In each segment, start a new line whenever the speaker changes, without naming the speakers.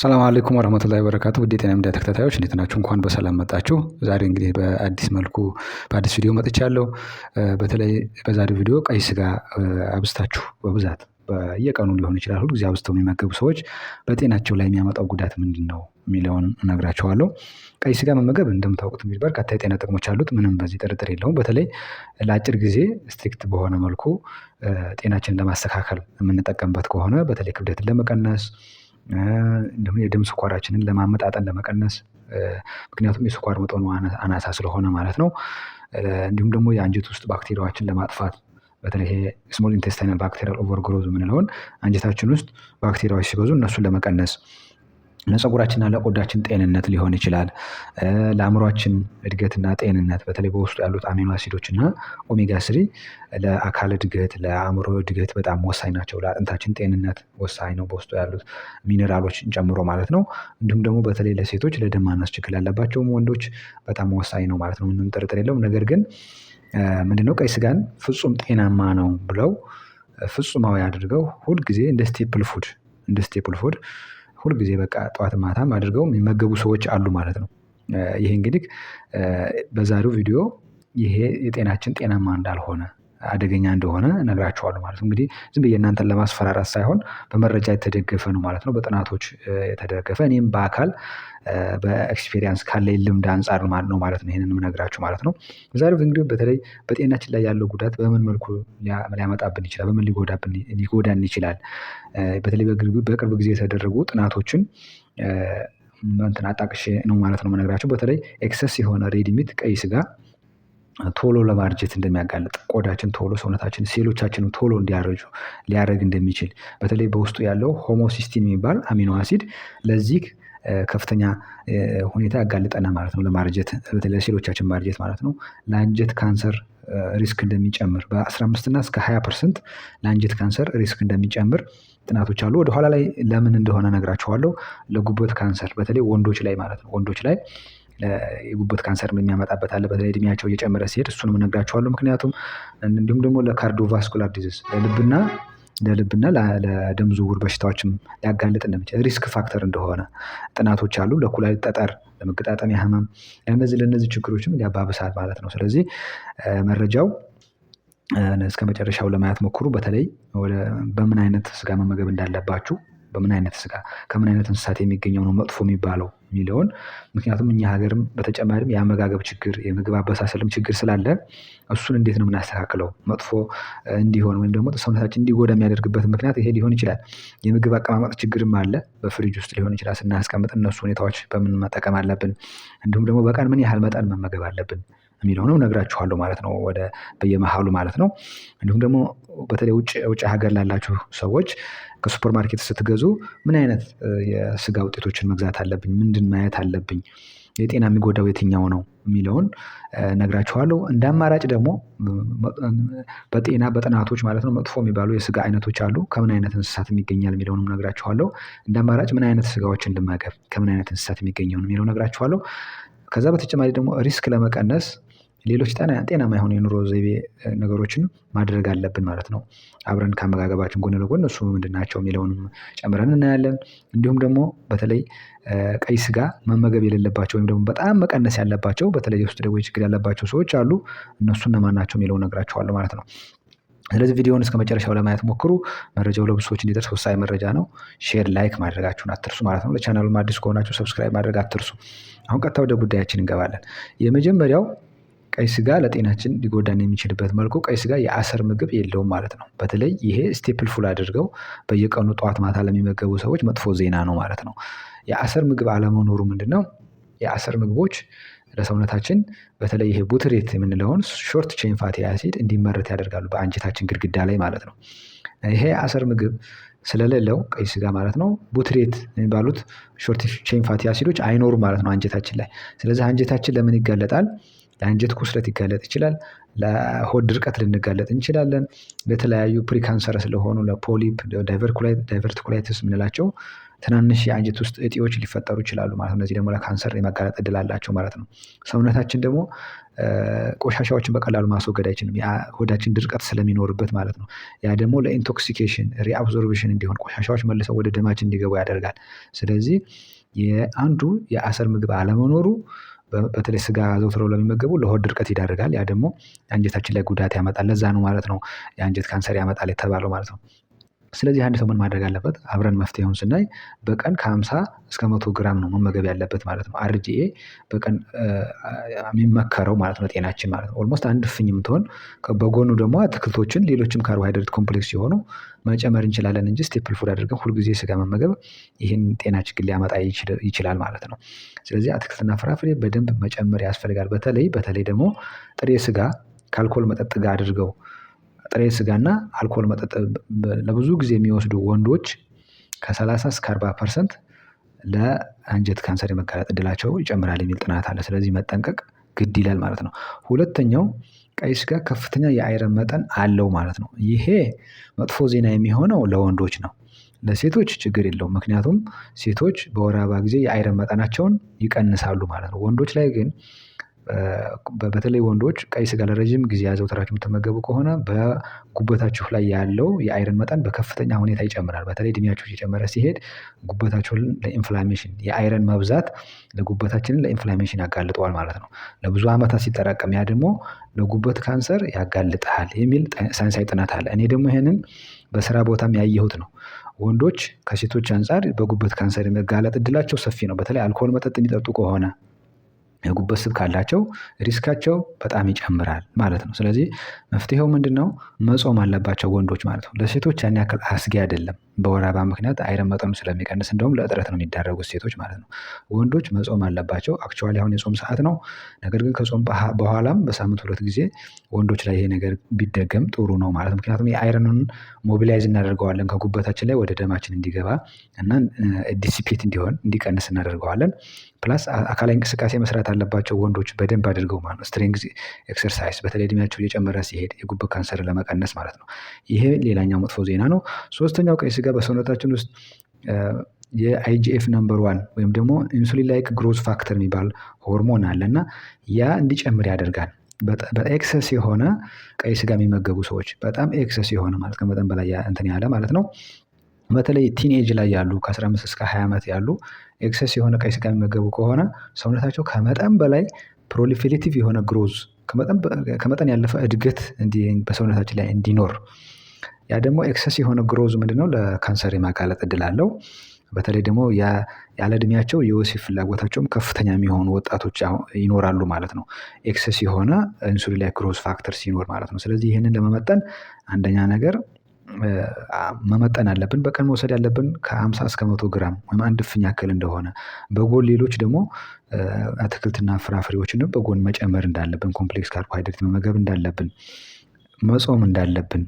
ሰላም አለይኩም ወረህመቱላሂ ወበረካቱ ውድ የጤና ሚዲያ ተከታታዮች እንዴት ናችሁ? እንኳን በሰላም መጣችሁ። ዛሬ እንግዲህ በአዲስ መልኩ በአዲስ ቪዲዮ መጥቻለሁ። በተለይ በዛሬ ቪዲዮ ቀይ ስጋ አብዝታችሁ በብዛት በየቀኑ ሊሆን ይችላል ጊዜ አብዝተው የሚመገቡ ሰዎች በጤናቸው ላይ የሚያመጣው ጉዳት ምንድን ነው የሚለውን እነግራቸዋለሁ። ቀይ ስጋ መመገብ እንደምታውቁት እንግዲህ በርካታ የጤና ጥቅሞች አሉት። ምንም በዚህ ጥርጥር የለውም። በተለይ ለአጭር ጊዜ ስትሪክት በሆነ መልኩ ጤናችንን ለማስተካከል የምንጠቀምበት ከሆነ በተለይ ክብደትን ለመቀነስ እንዲሁም የደም ስኳራችንን ለማመጣጠን ለመቀነስ ምክንያቱም የስኳር መጠኑ አናሳ ስለሆነ ማለት ነው። እንዲሁም ደግሞ የአንጀት ውስጥ ባክቴሪያዎችን ለማጥፋት በተለይ ስሞል ኢንቴስታይናል ባክቴሪያል ኦቨርግሮዝ የምንለውን አንጀታችን ውስጥ ባክቴሪያዎች ሲበዙ እነሱን ለመቀነስ ለፀጉራችንና ለቆዳችን ጤንነት ሊሆን ይችላል። ለአእምሯችን እድገትና ጤንነት በተለይ በውስጡ ያሉት አሚኖ አሲዶች እና ኦሜጋ ስሪ ለአካል እድገት ለአእምሮ እድገት በጣም ወሳኝ ናቸው። ለአጥንታችን ጤንነት ወሳኝ ነው በውስጡ ያሉት ሚኔራሎች ጨምሮ ማለት ነው። እንዲሁም ደግሞ በተለይ ለሴቶች ለደም ማነስ ችግር ላለባቸውም ወንዶች በጣም ወሳኝ ነው ማለት ነው። ምንም ጥርጥር የለውም። ነገር ግን ምንድነው ቀይ ስጋን ፍጹም ጤናማ ነው ብለው ፍጹማዊ አድርገው ሁልጊዜ እንደ ስቴፕል ፉድ እንደ ስቴፕል ፉድ ሁልጊዜ በቃ ጠዋት ማታም አድርገው የሚመገቡ ሰዎች አሉ ማለት ነው። ይሄ እንግዲህ በዛሬው ቪዲዮ ይሄ የጤናችን ጤናማ እንዳልሆነ አደገኛ እንደሆነ ነግራቸዋሉ ማለት ነው። እንግዲህ ዝም ብዬ እናንተን ለማስፈራራት ሳይሆን በመረጃ የተደገፈ ነው ማለት ነው። በጥናቶች የተደገፈ እኔም በአካል በኤክስፔሪንስ ካለ ልምድ አንጻር ነው ማለት ነው ይህንን ምነግራችሁ ማለት ነው። ዛሬ እንግዲህ በተለይ በጤናችን ላይ ያለው ጉዳት በምን መልኩ ሊያመጣብን ይችላል? በምን ሊጎዳን ይችላል? በተለይ በቅርብ ጊዜ የተደረጉ ጥናቶችን እንትን አጣቅሼ ነው ማለት ነው የምነግራችሁ። በተለይ ኤክሰስ የሆነ ሬድ ሚት ቀይ ስጋ ቶሎ ለማርጀት እንደሚያጋልጥ ቆዳችን ቶሎ ሰውነታችን ሴሎቻችንም ቶሎ እንዲያረጁ ሊያደረግ እንደሚችል በተለይ በውስጡ ያለው ሆሞሲስቲን የሚባል አሚኖ አሲድ ለዚህ ከፍተኛ ሁኔታ ያጋልጠና ማለት ነው። ለማርጀት በተለይ ሴሎቻችን ማርጀት ማለት ነው። ለአንጀት ካንሰር ሪስክ እንደሚጨምር በ15 እና እስከ 20 ፐርሰንት ለአንጀት ካንሰር ሪስክ እንደሚጨምር ጥናቶች አሉ። ወደኋላ ላይ ለምን እንደሆነ ነግራችኋለሁ። ለጉበት ካንሰር በተለይ ወንዶች ላይ ማለት ነው ወንዶች ላይ የጉበት ካንሰር የሚያመጣበት አለ። በተለይ እድሜያቸው እየጨመረ ሲሄድ እሱንም እነግራቸዋለሁ። ምክንያቱም እንዲሁም ደግሞ ለካርዲዮቫስኩላር ዲዚዝ ለልብና ለልብና ለደም ዝውውር በሽታዎችም ሊያጋልጥ እንደሚችል ሪስክ ፋክተር እንደሆነ ጥናቶች አሉ። ለኩላሊት ጠጠር፣ ለመገጣጠሚያ ህመም፣ ለእነዚህ ለእነዚህ ችግሮችም ሊያባብሳል ማለት ነው። ስለዚህ መረጃው እስከ መጨረሻው ለማየት ሞክሩ። በተለይ በምን አይነት ስጋ መመገብ እንዳለባችሁ በምን አይነት ስጋ ከምን አይነት እንስሳት የሚገኘው ነው መጥፎ የሚባለው የሚለውን ምክንያቱም እኛ ሀገርም በተጨማሪም የአመጋገብ ችግር የምግብ አበሳሰልም ችግር ስላለ እሱን እንዴት ነው የምናስተካክለው? መጥፎ እንዲሆን ወይም ደግሞ ሰውነታችን እንዲጎዳ የሚያደርግበት ምክንያት ይሄ ሊሆን ይችላል። የምግብ አቀማመጥ ችግርም አለ በፍሪጅ ውስጥ ሊሆን ይችላል ስናስቀምጥ እነሱ ሁኔታዎች በምን መጠቀም አለብን? እንዲሁም ደግሞ በቀን ምን ያህል መጠን መመገብ አለብን? የሚለውንም እነግራችኋለሁ ማለት ነው። ወደ በየመሃሉ ማለት ነው። እንዲሁም ደግሞ በተለይ ውጭ ውጭ ሀገር ላላችሁ ሰዎች ከሱፐር ማርኬት ስትገዙ ምን አይነት የስጋ ውጤቶችን መግዛት አለብኝ? ምንድን ማየት አለብኝ? የጤና የሚጎዳው የትኛው ነው? የሚለውን እነግራችኋለሁ። እንደ አማራጭ ደግሞ በጤና በጥናቶች ማለት ነው መጥፎ የሚባሉ የስጋ አይነቶች አሉ። ከምን አይነት እንስሳት የሚገኛል የሚለውንም ነግራችኋለሁ። እንደ አማራጭ ምን አይነት ስጋዎች እንድመገብ፣ ከምን አይነት እንስሳት የሚገኘውን የሚለው ነግራችኋለሁ። ከዛ በተጨማሪ ደግሞ ሪስክ ለመቀነስ ሌሎች ጤናማ የሆነ የኑሮ ዘይቤ ነገሮችን ማድረግ አለብን ማለት ነው። አብረን ከአመጋገባችን ጎን ለጎን እሱ ምንድን ናቸው የሚለውንም ጨምረን እናያለን። እንዲሁም ደግሞ በተለይ ቀይ ስጋ መመገብ የሌለባቸው ወይም ደግሞ በጣም መቀነስ ያለባቸው በተለይ የውስጥ ደዌ ችግር ያለባቸው ሰዎች አሉ እነሱ እነማን ናቸው የሚለውን እነግራችኋለሁ ማለት ነው። ስለዚህ ቪዲዮውን መጨረሻው ለማየት ሞክሩ። መረጃው ለብዙ ሰዎች እንዲደርስ ወሳኝ መረጃ ነው። ሼር፣ ላይክ ማድረጋችሁን አትርሱ ማለት ነው። ለቻናሉም አዲስ ከሆናችሁ ሰብስክራይብ ማድረግ አትርሱ። አሁን ቀጥታ ወደ ጉዳያችን እንገባለን። የመጀመሪያው ቀይ ስጋ ለጤናችን ሊጎዳን የሚችልበት መልኩ ቀይ ስጋ የአሰር ምግብ የለውም ማለት ነው። በተለይ ይሄ ስቴፕል ፉል አድርገው በየቀኑ ጠዋት ማታ ለሚመገቡ ሰዎች መጥፎ ዜና ነው ማለት ነው። የአሰር ምግብ አለመኖሩ ምንድነው? የአሰር ምግቦች ለሰውነታችን በተለይ ይሄ ቡትሬት የምንለውን ሾርት ቼን ፋቲ አሲድ እንዲመረት ያደርጋሉ በአንጀታችን ግድግዳ ላይ ማለት ነው። ይሄ የአሰር ምግብ ስለሌለው ቀይ ስጋ ማለት ነው ቡትሬት የሚባሉት ሾርት ቼን ፋቲ አሲዶች አይኖሩም ማለት ነው። አንጀታችን ላይ ስለዚህ አንጀታችን ለምን ይጋለጣል ለአንጀት ቁስለት ሊጋለጥ ይችላል። ለሆድ ድርቀት ልንጋለጥ እንችላለን። ለተለያዩ ፕሪካንሰር ስለሆኑ ለፖሊፕ፣ ዳይቨርቲኩላይትስ የምንላቸው ትናንሽ የአንጀት ውስጥ እጢዎች ሊፈጠሩ ይችላሉ ማለት ነው። እነዚህ ደግሞ ለካንሰር የመጋለጥ እድል አላቸው ማለት ነው። ሰውነታችን ደግሞ ቆሻሻዎችን በቀላሉ ማስወገድ አይችልም። ሆዳችን ድርቀት ስለሚኖርበት ማለት ነው። ያ ደግሞ ለኢንቶክሲኬሽን ሪአብዞርቬሽን እንዲሆን ቆሻሻዎች መልሰው ወደ ደማችን እንዲገቡ ያደርጋል። ስለዚህ የአንዱ የአሰር ምግብ አለመኖሩ በተለይ ስጋ አዘውትረው ለሚመገቡ ለሆድ ድርቀት ይዳርጋል። ያ ደግሞ የአንጀታችን ላይ ጉዳት ያመጣል። ለዛ ነው ማለት ነው የአንጀት ካንሰር ያመጣል የተባለው ማለት ነው ስለዚህ አንድ ሰው ምን ማድረግ አለበት? አብረን መፍትሄውን ስናይ በቀን ከሀምሳ እስከ መቶ ግራም ነው መመገብ ያለበት ማለት ነው። አርጂኤ በቀን የሚመከረው ማለት ነው ጤናችን ማለት ነው። ኦልሞስት አንድ ፍኝ የምትሆን በጎኑ ደግሞ አትክልቶችን፣ ሌሎችም ካርቦሃይድሬት ኮምፕሌክስ ሲሆኑ መጨመር እንችላለን እንጂ ስቴፕል ፉድ አድርገን ሁልጊዜ ስጋ መመገብ ይህን ጤና ችግር ሊያመጣ ይችላል ማለት ነው። ስለዚህ አትክልትና ፍራፍሬ በደንብ መጨመር ያስፈልጋል። በተለይ በተለይ ደግሞ ጥሬ ስጋ ከአልኮል መጠጥ ጋር አድርገው ጥሬ ስጋና አልኮል መጠጥ ለብዙ ጊዜ የሚወስዱ ወንዶች ከ30 እስከ 40 ፐርሰንት ለአንጀት ካንሰር የመጋለጥ እድላቸው ይጨምራል የሚል ጥናት አለ። ስለዚህ መጠንቀቅ ግድ ይላል ማለት ነው። ሁለተኛው ቀይ ስጋ ከፍተኛ የአይረን መጠን አለው ማለት ነው። ይሄ መጥፎ ዜና የሚሆነው ለወንዶች ነው። ለሴቶች ችግር የለውም ምክንያቱም ሴቶች በወር አበባ ጊዜ የአይረን መጠናቸውን ይቀንሳሉ ማለት ነው። ወንዶች ላይ ግን በተለይ ወንዶች ቀይ ስጋ ለረዥም ጊዜ አዘውትራችሁ የምትመገቡ ከሆነ በጉበታችሁ ላይ ያለው የአይረን መጠን በከፍተኛ ሁኔታ ይጨምራል። በተለይ እድሜያችሁ እየጨመረ ሲሄድ ጉበታችሁን ለኢንፍላሜሽን የአይረን መብዛት ለጉበታችንን ለኢንፍላሜሽን ያጋልጠዋል ማለት ነው። ለብዙ አመታት ሲጠራቀም ያ ደግሞ ለጉበት ካንሰር ያጋልጠሃል የሚል ሳይንሳዊ ጥናት አለ። እኔ ደግሞ ይሄንን በስራ ቦታም ያየሁት ነው። ወንዶች ከሴቶች አንፃር በጉበት ካንሰር የመጋለጥ እድላቸው ሰፊ ነው። በተለይ አልኮል መጠጥ የሚጠጡ ከሆነ የጉበት ስብ ካላቸው ሪስካቸው በጣም ይጨምራል ማለት ነው። ስለዚህ መፍትሄው ምንድን ነው? መጾም አለባቸው ወንዶች ማለት ነው። ለሴቶች ያን ያክል አስጊ አይደለም። በወር አበባ ምክንያት አይረን መጠኑ ስለሚቀንስ እንደውም ለእጥረት ነው የሚዳረጉት ሴቶች ማለት ነው። ወንዶች መጾም አለባቸው። አክቹዋሊ አሁን የጾም ሰዓት ነው። ነገር ግን ከጾም በኋላም በሳምንት ሁለት ጊዜ ወንዶች ላይ ይሄ ነገር ቢደገም ጥሩ ነው ማለት ነው። ምክንያቱም የአይረንን ሞቢላይዝ እናደርገዋለን ከጉበታችን ላይ ወደ ደማችን እንዲገባ እና ዲሲፔት እንዲሆን እንዲቀንስ እናደርገዋለን። ፕላስ አካላዊ እንቅስቃሴ መስራት መስራት አለባቸው ወንዶች በደንብ አድርገው ማለት ነው። ስትሪንግ ኤክሰርሳይዝ በተለይ እድሜያቸው እየጨመረ ሲሄድ የጉብ ካንሰር ለመቀነስ ማለት ነው። ይሄ ሌላኛው መጥፎ ዜና ነው። ሶስተኛው ቀይ ስጋ በሰውነታችን ውስጥ የአይጂኤፍ ነምበር ዋን ወይም ደግሞ ኢንሱሊን ላይክ ግሮዝ ፋክተር የሚባል ሆርሞን አለ እና ያ እንዲጨምር ያደርጋል። በኤክሰስ የሆነ ቀይ ስጋ የሚመገቡ ሰዎች በጣም ኤክሰስ የሆነ ማለት ከመጠን በላይ እንትን ያለ ማለት ነው በተለይ ቲኔጅ ላይ ያሉ ከ15 እስከ 20 ዓመት ያሉ ኤክሰስ የሆነ ቀይ ስጋ የሚመገቡ ከሆነ ሰውነታቸው ከመጠን በላይ ፕሮሊፌሌቲቭ የሆነ ግሮዝ ከመጠን ያለፈ እድገት በሰውነታችን ላይ እንዲኖር ያ ደግሞ ኤክሰስ የሆነ ግሮዝ ምንድነው ለካንሰር የማጋለጥ እድል አለው። በተለይ ደግሞ ያለ እድሜያቸው የወሲብ ፍላጎታቸውም ከፍተኛ የሚሆኑ ወጣቶች ይኖራሉ ማለት ነው። ኤክሰስ የሆነ ኢንሱሊን ላይ ግሮዝ ፋክተር ሲኖር ማለት ነው። ስለዚህ ይህንን ለመመጠን አንደኛ ነገር መመጠን አለብን። በቀን መውሰድ ያለብን ከአምሳ እስከ መቶ ግራም ወይም አንድ እፍኝ ያክል እንደሆነ በጎን ሌሎች ደግሞ አትክልትና ፍራፍሬዎችን በጎን መጨመር እንዳለብን ኮምፕሌክስ ካርቦሃይድሬት መመገብ እንዳለብን መጾም እንዳለብን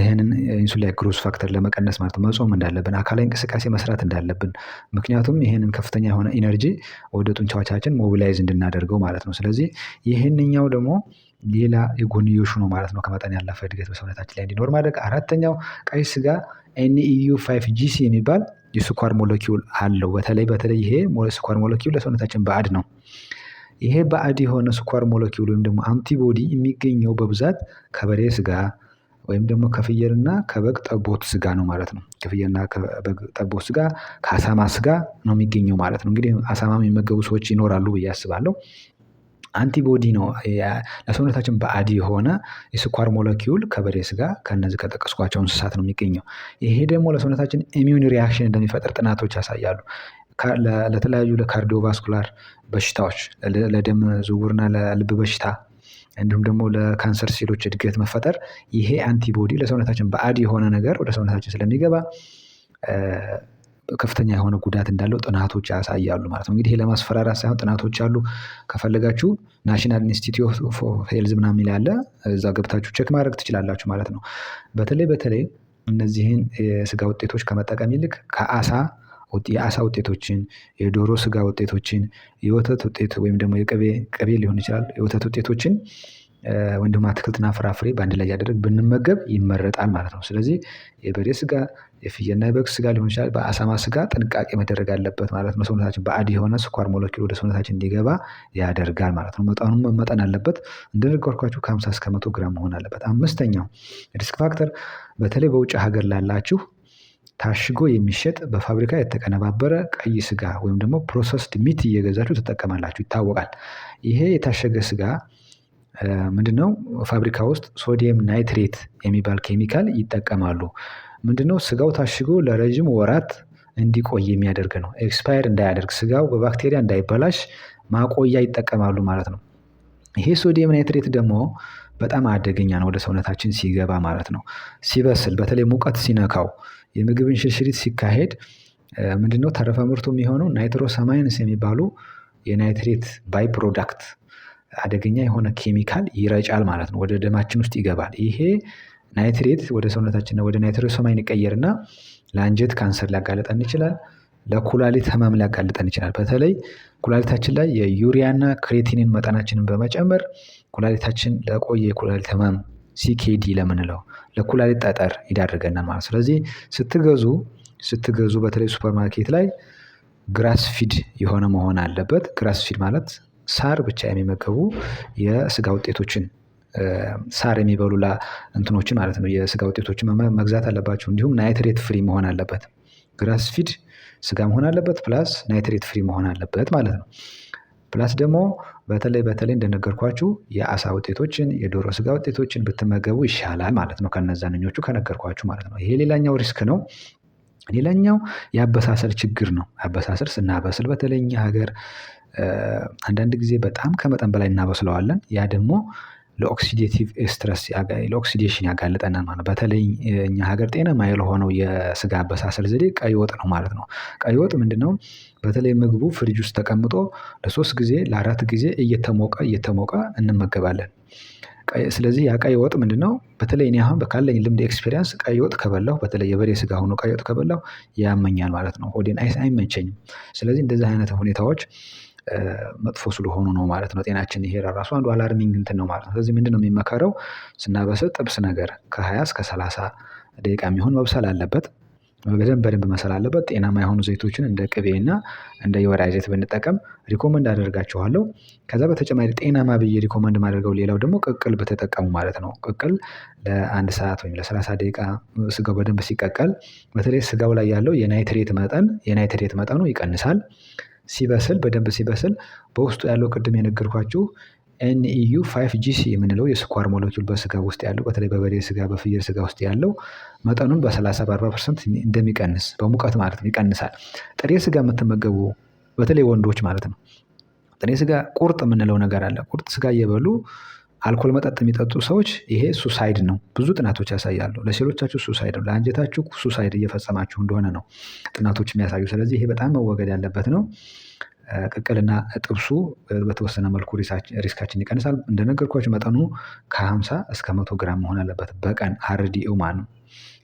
ይህንን ኢንሱላይ ግሮዝ ፋክተር ለመቀነስ ማለት መጾም እንዳለብን አካላዊ እንቅስቃሴ መስራት እንዳለብን ምክንያቱም ይህንን ከፍተኛ የሆነ ኢነርጂ ወደ ጡንቻዎቻችን ሞቢላይዝ እንድናደርገው ማለት ነው። ስለዚህ ይህንኛው ደግሞ ሌላ የጎንዮሹ ነው ማለት ነው ከመጠን ያለፈ እድገት በሰውነታችን ላይ እንዲኖር ማድረግ። አራተኛው ቀይ ስጋ ኤንኢዩ ፋይቭ ጂሲ የሚባል የስኳር ሞለኪውል አለው። በተለይ በተለይ ይሄ ስኳር ሞለኪውል ለሰውነታችን ባዕድ ነው። ይሄ ባዕድ የሆነ ስኳር ሞለኪውል ወይም ደግሞ አንቲቦዲ የሚገኘው በብዛት ከበሬ ስጋ ወይም ደግሞ ከፍየልና ከበግ ጠቦት ስጋ ነው ማለት ነው። ከፍየልና ከበግ ጠቦት ስጋ ከአሳማ ስጋ ነው የሚገኘው ማለት ነው። እንግዲህ አሳማ የሚመገቡ ሰዎች ይኖራሉ ብዬ አስባለሁ። አንቲቦዲ ነው። ለሰውነታችን በአዲ የሆነ የስኳር ሞለኪውል ከበሬ ስጋ ከነዚህ ከጠቀስኳቸው እንስሳት ነው የሚገኘው። ይሄ ደግሞ ለሰውነታችን ኢሚዩን ሪያክሽን እንደሚፈጥር ጥናቶች ያሳያሉ። ለተለያዩ ለካርዲዮቫስኩላር በሽታዎች፣ ለደም ዝውውርና ለልብ በሽታ እንዲሁም ደግሞ ለካንሰር ሴሎች እድገት መፈጠር ይሄ አንቲቦዲ ለሰውነታችን በአድ የሆነ ነገር ወደ ሰውነታችን ስለሚገባ ከፍተኛ የሆነ ጉዳት እንዳለው ጥናቶች ያሳያሉ ማለት ነው። እንግዲህ ለማስፈራራት ሳይሆን ጥናቶች አሉ። ከፈለጋችሁ ናሽናል ኢንስቲትዩት ኦፍ ሄልዝ ምናምን ይላል፣ እዛ ገብታችሁ ቼክ ማድረግ ትችላላችሁ ማለት ነው። በተለይ በተለይ እነዚህን የስጋ ውጤቶች ከመጠቀም ይልቅ ከአሳ የአሳ ውጤቶችን፣ የዶሮ ስጋ ውጤቶችን፣ የወተት ውጤት ወይም ደግሞ የቅቤ ሊሆን ይችላል የወተት ውጤቶችን ወንድም አትክልትና ፍራፍሬ በአንድ ላይ እያደረግ ብንመገብ ይመረጣል ማለት ነው። ስለዚህ የበሬ ስጋ የፍየልና የበግ ስጋ ሊሆን ይችላል በአሳማ ስጋ ጥንቃቄ መደረግ አለበት ማለት ነው። ሰውነታችን በአድ የሆነ ስኳር ሞለኪውል ወደ ሰውነታችን እንዲገባ ያደርጋል ማለት ነው። መጠኑን መመጠን አለበት እንደነገርኳችሁ ከሃምሳ እስከ መቶ ግራም መሆን አለበት። አምስተኛው ሪስክ ፋክተር በተለይ በውጭ ሀገር ላላችሁ ታሽጎ የሚሸጥ በፋብሪካ የተቀነባበረ ቀይ ስጋ ወይም ደግሞ ፕሮሰስድ ሚት እየገዛችሁ ትጠቀማላችሁ ይታወቃል። ይሄ የታሸገ ስጋ ምንድነው ፋብሪካ ውስጥ ሶዲየም ናይትሬት የሚባል ኬሚካል ይጠቀማሉ። ምንድነው ስጋው ታሽጎ ለረጅም ወራት እንዲቆይ የሚያደርግ ነው። ኤክስፓየር እንዳያደርግ ስጋው በባክቴሪያ እንዳይበላሽ ማቆያ ይጠቀማሉ ማለት ነው። ይሄ ሶዲየም ናይትሬት ደግሞ በጣም አደገኛ ነው ወደ ሰውነታችን ሲገባ ማለት ነው። ሲበስል በተለይ ሙቀት ሲነካው የምግብን ሽርሽሪት ሲካሄድ ምንድነው ተረፈ ምርቱ የሚሆነው ናይትሮ የሚባሉ የናይትሬት ባይ ፕሮዳክት አደገኛ የሆነ ኬሚካል ይረጫል ማለት ነው፣ ወደ ደማችን ውስጥ ይገባል። ይሄ ናይትሬት ወደ ሰውነታችንና ወደ ናይትሮሶማይን ይቀየርና ለአንጀት ካንሰር ሊያጋልጠን ይችላል። ለኩላሊት ህመም ሊያጋልጠን ይችላል። በተለይ ኩላሊታችን ላይ የዩሪያና ክሬቲኒን መጠናችንን በመጨመር ኩላሊታችን ለቆየ የኩላሊት ህመም ሲኬዲ ለምንለው ለኩላሊት ጠጠር ይዳርገናል ማለት። ስለዚህ ስትገዙ ስትገዙ በተለይ ሱፐርማርኬት ላይ ግራስፊድ የሆነ መሆን አለበት። ግራስፊድ ማለት ሳር ብቻ የሚመገቡ የስጋ ውጤቶችን ሳር የሚበሉ እንትኖችን ማለት ነው የስጋ ውጤቶችን መግዛት አለባቸው። እንዲሁም ናይትሬት ፍሪ መሆን አለበት። ግራስ ፊድ ስጋ መሆን አለበት ፕላስ ናይትሬት ፍሪ መሆን አለበት ማለት ነው። ፕላስ ደግሞ በተለይ በተለይ እንደነገርኳችሁ የአሳ ውጤቶችን የዶሮ ስጋ ውጤቶችን ብትመገቡ ይሻላል ማለት ነው። ከነዛንኞቹ ከነገርኳችሁ ማለት ነው ይሄ ሌላኛው ሪስክ ነው። ሌላኛው የአበሳሰል ችግር ነው። አበሳሰል ስናበስል በተለይ እኛ ሀገር አንዳንድ ጊዜ በጣም ከመጠን በላይ እናበስለዋለን። ያ ደግሞ ለኦክሲዴቲቭ ስትረስ ለኦክሲዴሽን ያጋልጠናል ማለት በተለይ እኛ ሀገር ጤናማ ያልሆነው የስጋ አበሳሰል ዘዴ ቀይ ወጥ ነው ማለት ነው። ቀይ ወጥ ምንድነው? በተለይ ምግቡ ፍሪጅ ውስጥ ተቀምጦ ለሶስት ጊዜ ለአራት ጊዜ እየተሞቀ እየተሞቀ እንመገባለን። ስለዚህ ያ ቀይ ወጥ ነው? በተለይ እኔ አሁን ካለኝ ልምድ ኤክስፔሪንስ ቀይ ወጥ ከበላሁ በተለይ የበሬ ስጋ ሆኖ ቀይ ወጥ ከበላሁ ያመኛል ማለት ነው። ሆዴን አይመቸኝም። ስለዚህ እንደዚህ አይነት ሁኔታዎች መጥፎ ስለሆኑ ነው ማለት ነው። ጤናችን ይሄ ራሱ አንዱ አላርሚንግ እንትን ነው ማለት ነው። ስለዚህ ምንድን ነው የሚመከረው? ስናበስል ጥብስ ነገር ከሀያ እስከ ሰላሳ ደቂቃ የሚሆን መብሰል አለበት። በደንብ በደንብ መሰል አለበት። ጤናማ የሆኑ ዘይቶችን እንደ ቅቤ እና እንደ የወይራ ዘይት ብንጠቀም ሪኮመንድ አደርጋችኋለሁ። ከዛ በተጨማሪ ጤናማ ብዬ ሪኮመንድ ማደርገው ሌላው ደግሞ ቅቅል በተጠቀሙ ማለት ነው። ቅቅል ለአንድ ሰዓት ወይም ለሰላሳ ደቂቃ ስጋው በደንብ ሲቀቀል፣ በተለይ ስጋው ላይ ያለው የናይትሬት መጠን የናይትሬት መጠኑ ይቀንሳል። ሲበስል በደንብ ሲበስል በውስጡ ያለው ቅድም የነገርኳችሁ ኤንኢዩ ፋይቭ ጂሲ የምንለው የስኳር ሞለኪል በስጋ ውስጥ ያለው በተለይ በበሬ ስጋ፣ በፍየል ስጋ ውስጥ ያለው መጠኑን በ30 በ40 ፐርሰንት እንደሚቀንስ በሙቀት ማለት ነው ይቀንሳል። ጥሬ ስጋ የምትመገቡ በተለይ ወንዶች ማለት ነው። ጥሬ ስጋ ቁርጥ የምንለው ነገር አለ። ቁርጥ ስጋ እየበሉ አልኮል መጠጥ የሚጠጡ ሰዎች ይሄ ሱሳይድ ነው። ብዙ ጥናቶች ያሳያሉ። ለሴሎቻችሁ ሱሳይድ ነው፣ ለአንጀታችሁ ሱሳይድ እየፈጸማችሁ እንደሆነ ነው ጥናቶች የሚያሳዩ። ስለዚህ ይሄ በጣም መወገድ ያለበት ነው። ቅቅልና ጥብሱ በተወሰነ መልኩ ሪስካችን ይቀንሳል። እንደነገርኳችሁ መጠኑ ከ50 እስከ 100 ግራም መሆን አለበት በቀን አርዲ ማለት ነው።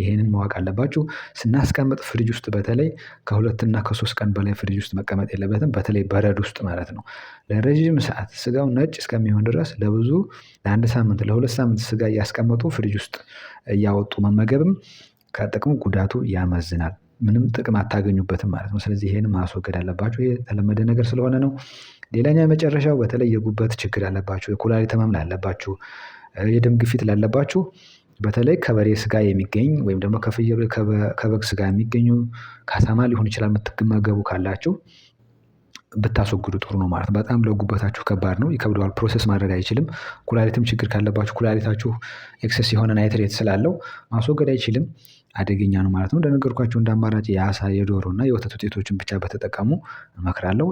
ይህንን ማወቅ አለባችሁ። ስናስቀምጥ ፍሪጅ ውስጥ በተለይ ከሁለትና ከሶስት ቀን በላይ ፍሪጅ ውስጥ መቀመጥ የለበትም። በተለይ በረድ ውስጥ ማለት ነው። ለረዥም ሰዓት ስጋው ነጭ እስከሚሆን ድረስ ለብዙ ለአንድ ሳምንት ለሁለት ሳምንት ስጋ እያስቀመጡ ፍሪጅ ውስጥ እያወጡ መመገብም ከጥቅሙ ጉዳቱ ያመዝናል። ምንም ጥቅም አታገኙበትም ማለት ነው። ስለዚህ ይሄን ማስወገድ አለባችሁ የተለመደ ነገር ስለሆነ ነው። ሌላኛው የመጨረሻው በተለይ የጉበት ችግር ላለባችሁ የኩላሊት ህመም ላለባችሁ የደም ግፊት ላለባችሁ በተለይ ከበሬ ስጋ የሚገኝ ወይም ደግሞ ከፍየል ከበግ ስጋ የሚገኙ ከአሳማ ሊሆን ይችላል የምትመገቡ ካላችሁ ብታስወግዱ ጥሩ ነው ማለት ነው። በጣም ለጉበታችሁ ከባድ ነው ይከብደዋል ፕሮሰስ ማድረግ አይችልም። ኩላሊትም ችግር ካለባችሁ ኩላሊታችሁ ኤክሰስ የሆነ ናይትሬት ስላለው ማስወገድ አይችልም አደገኛ ነው ማለት ነው። እንደነገርኳቸው እንደ አማራጭ የአሳ የዶሮ እና የወተት ውጤቶችን ብቻ በተጠቀሙ እመክራለሁ